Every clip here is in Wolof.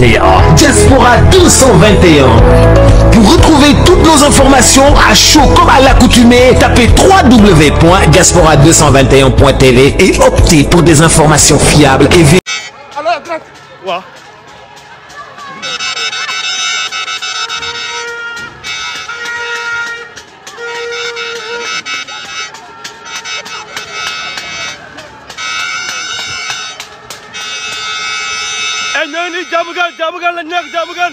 221. Diaspora Pour retrouver toutes nos informations à chaud comme à l'accoutumée, tapez www.diaspora221.tv et optez pour des informations fiables et nii jàmm gan jàmm gan lañ nekk jàmm gan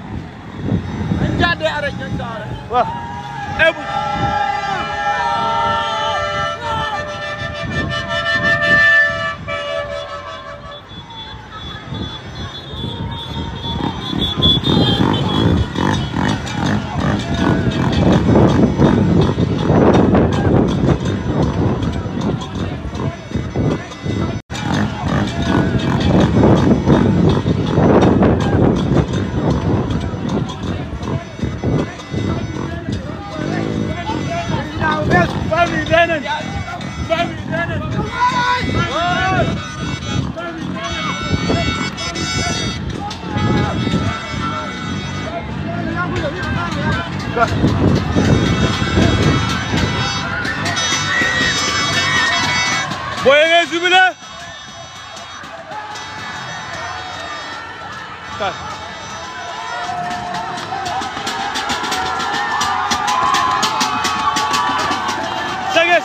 jaadee arrêté ñoom sa arrêté waaw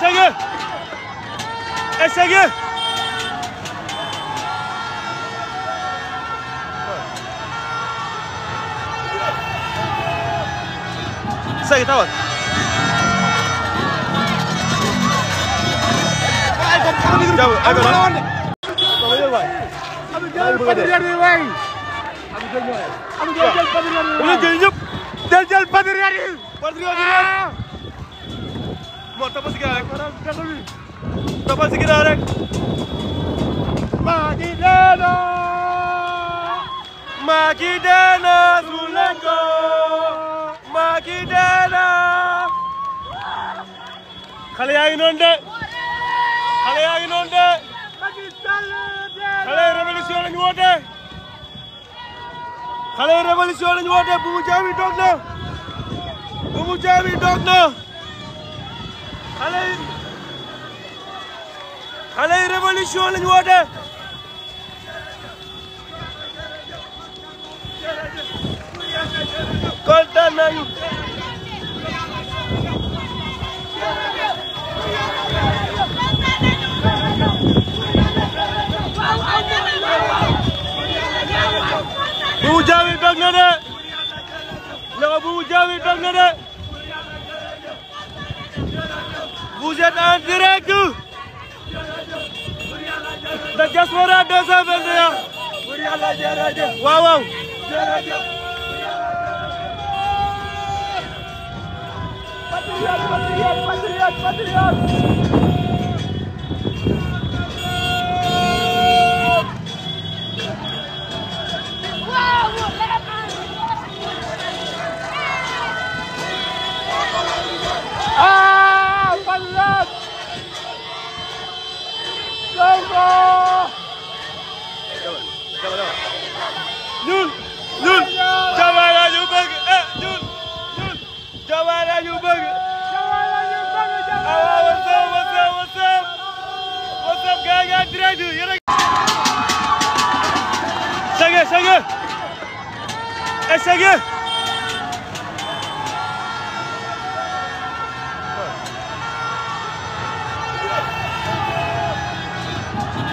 Essayez Essayez Essayez, t'as ouais. Jauh, agak lawan. Kau boleh buat. Abu Jal, Padrian ni, wei. Abu Jal, Abu Jal, Padrian ni. Abu Jal, Jal, Padrian ni. Padrian ni. moo topp si ginnaaw rek toppal si ginnaaw rek deena maa deena su leen ko deena xale yaa ngi de xale yaa ngi de xale yi révolution lañu woote jaami doog na bu jaami doog na xale yi xale yi révolution lañu woote kontaan nañu Boubou Diaby bëgg na de loxo Boubou Diaby bëgg na de vous êtes en direct de Diaspora 221 waaw waaw patriote patriote patriote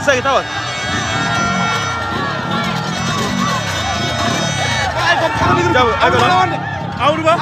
saya kita awal. Jauh, ayo lawan. Awal ba?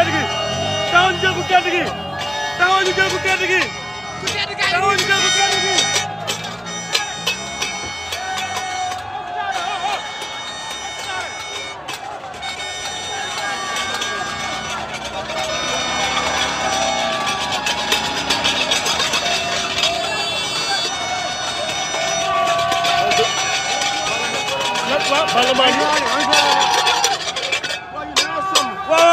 tedd gi taxaw ñu jël ku tedd gi taxaw ñu jël ku tedd gi taxaw ñu jël ku tedd gi Parlement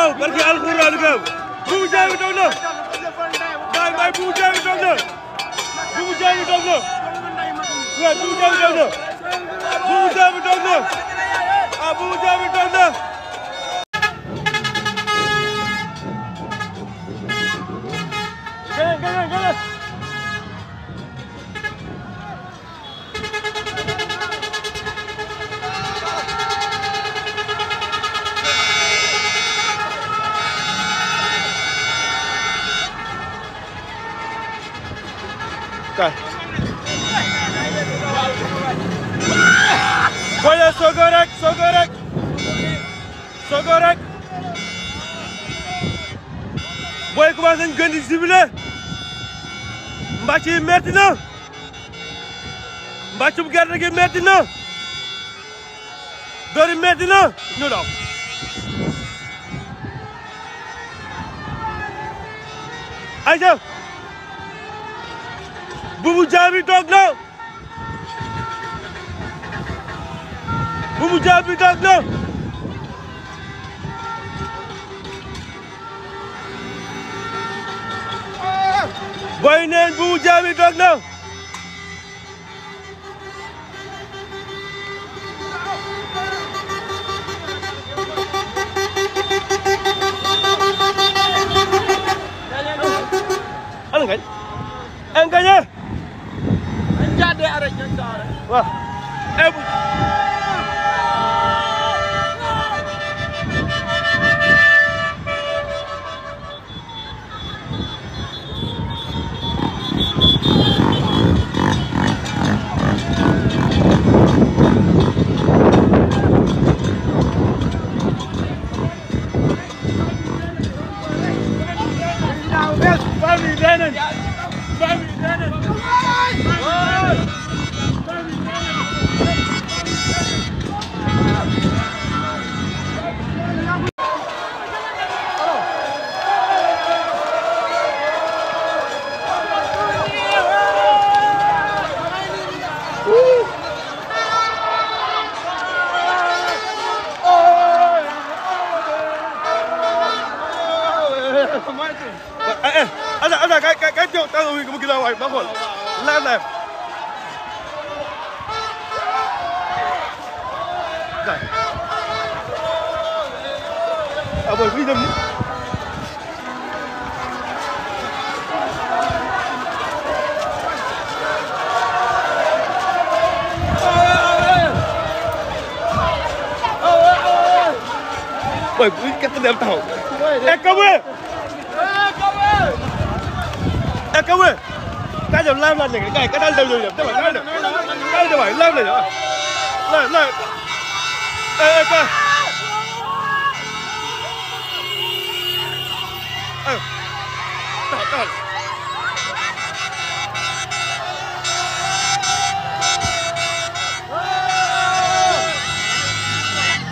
daw barki alxuraan kaw buubu jaabi daw na baay baay buubu jaabi daw na buubu jaabi daw na waaw buubu jaabi daw na buubu jaabi daw na ah buubu jaabi daw na gëlëm gëlëm gëlëm kaay boye sogo rek sogo rek sogo rek boy commencé metti na mbàccum gerte gi metti na dori metti na ñu Boubou Diaby toog na Boubou Diaby toog na boy neen Boubou na ah. jaadee arrêté ngeen ko arrêté. waaw. ebu. Danny. Abdoulaye. ah booy fu ñu dem nii. booy bu ñu gerte dem taxaw. Ekawe. Eh, Ekawe. Eh, Ekawe. kaa jëm laaj laaj léegi kaa yi kat daal dem ñëw ñëw demal kaa dem kaa dem waay laaj la ñu ah laaj laaj. Ayo. Tahan, tahan.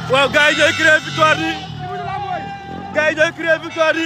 waaw gars yi ñooy créer victoire yi gars yi